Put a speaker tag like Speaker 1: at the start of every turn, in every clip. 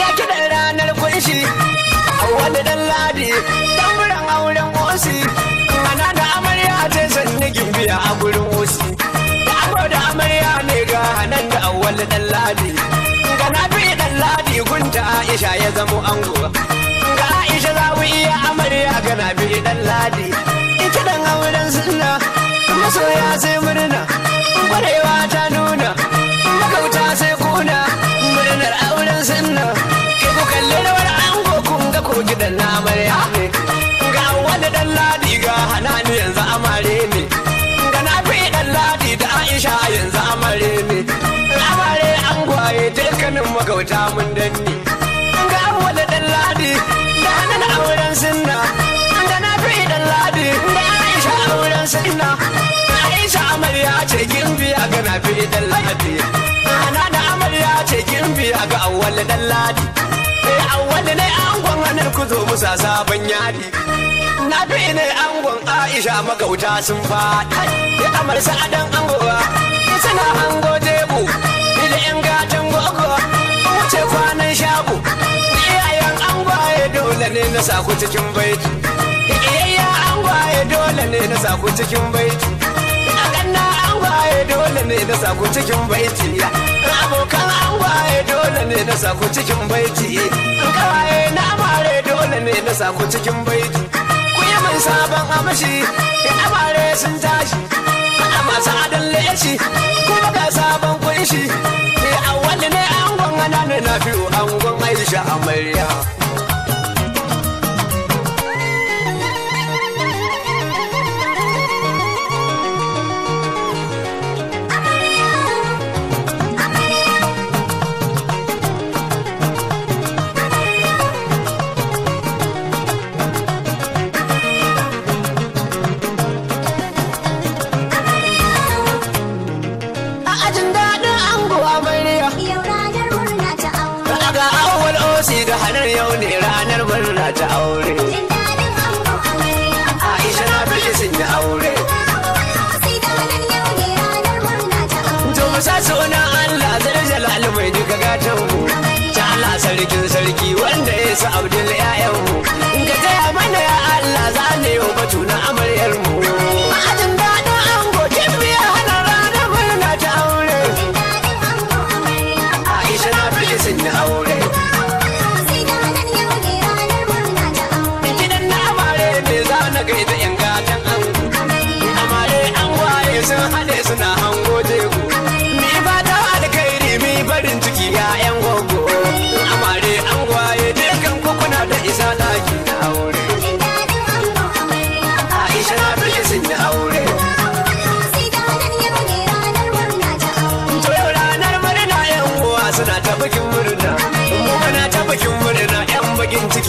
Speaker 1: ga kiɗan ranar kunshi wani dan ladi tamburan auren osi ana da amarya ta sanni gimbiya a gurin osi da aro da amarya ne ga hanan da awwal dan ladi ga biyu dan ladi gunta aisha ya zamo ango ga aisha za mu iya amarya ga biyu dan ladi ita dan auren sunna masoya sai murna kwarewa ta nuna gidan na amarya ne ga wani dan ladi ga hanani yanzu amare ne ga na fi dan ladi da aisha yanzu amare ne amare an gwaye dukkanin magauta mun danni ga wani dan ladi da hannun auren sunna ga na fi dan ladi da aisha auren sunna aisha amarya ce gimbiya ga na fi dan ladi ana da amarya ce gimbiya ga awwal dan ladi eh awwal ne ranar ku zo musa sabon yadi na fi ne angon aisha magauta sun faɗi ya amarsa adan angowa suna ango debu da yan gatan gogo wuce kwanan shago iyayen angwaye dole ne na saku cikin baiti iya angwaye dole ne na saku cikin baiti na ganna angwaye dole ne na saku cikin baiti abokan angwaye dole ne na sako cikin baiti kawaye na amare dole ne na sako cikin baiti ku yi min sabon amashi ya amare sun tashi a masu adon leshi kuma ga sabon kunshi ne awali ne angon ana ne na an angon aisha amarya Es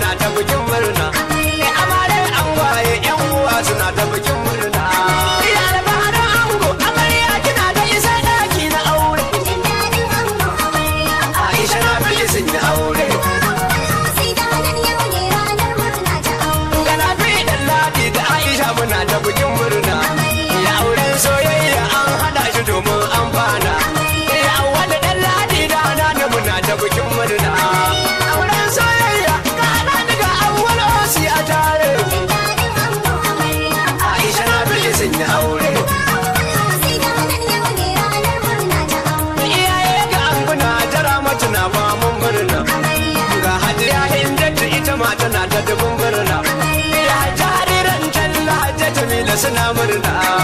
Speaker 1: na ta you. murna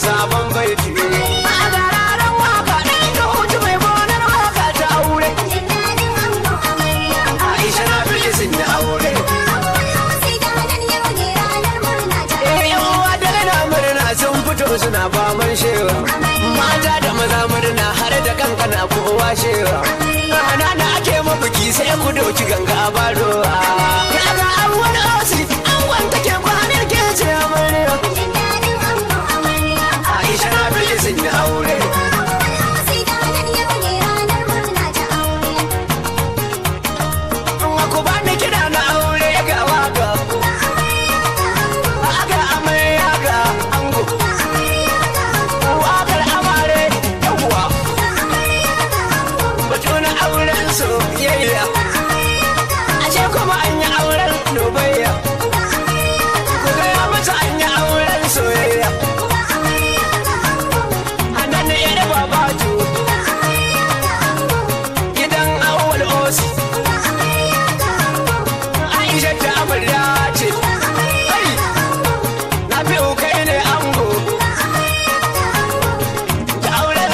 Speaker 1: sabon baiti a dararen waka ɗan ga hutu mai bonar waka ta aure Aisha na fi izin da aure eh, sun fito suna faman shewa mata da maza murna har da kankana kowa shewa ana na ake mabiki sai ku dauki ganga baro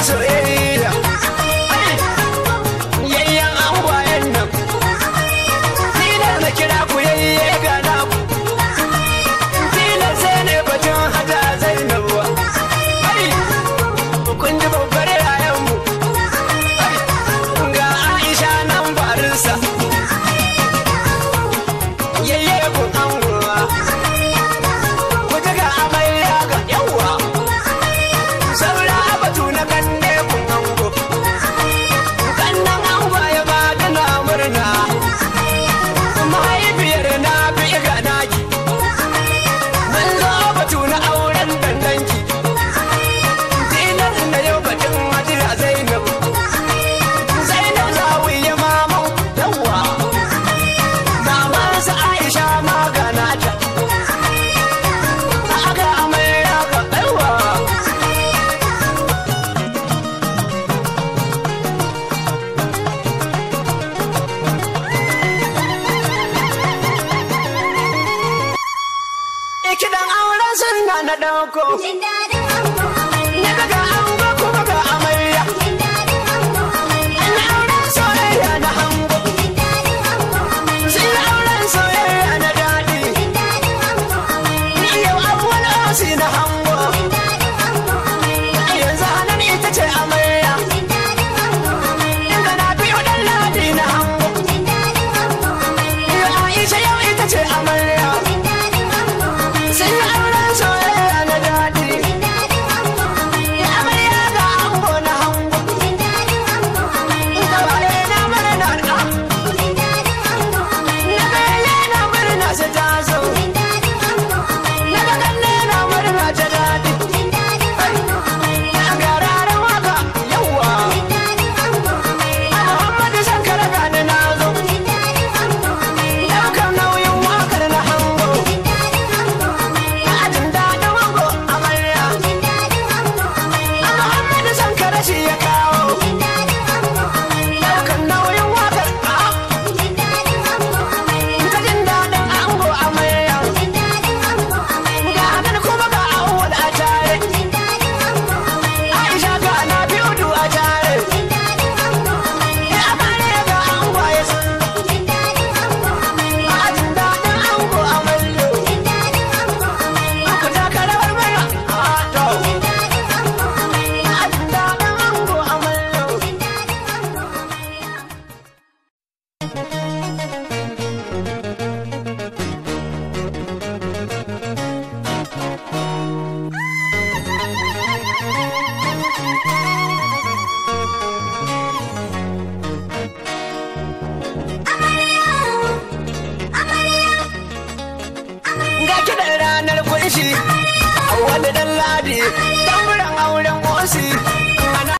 Speaker 1: so não então, Música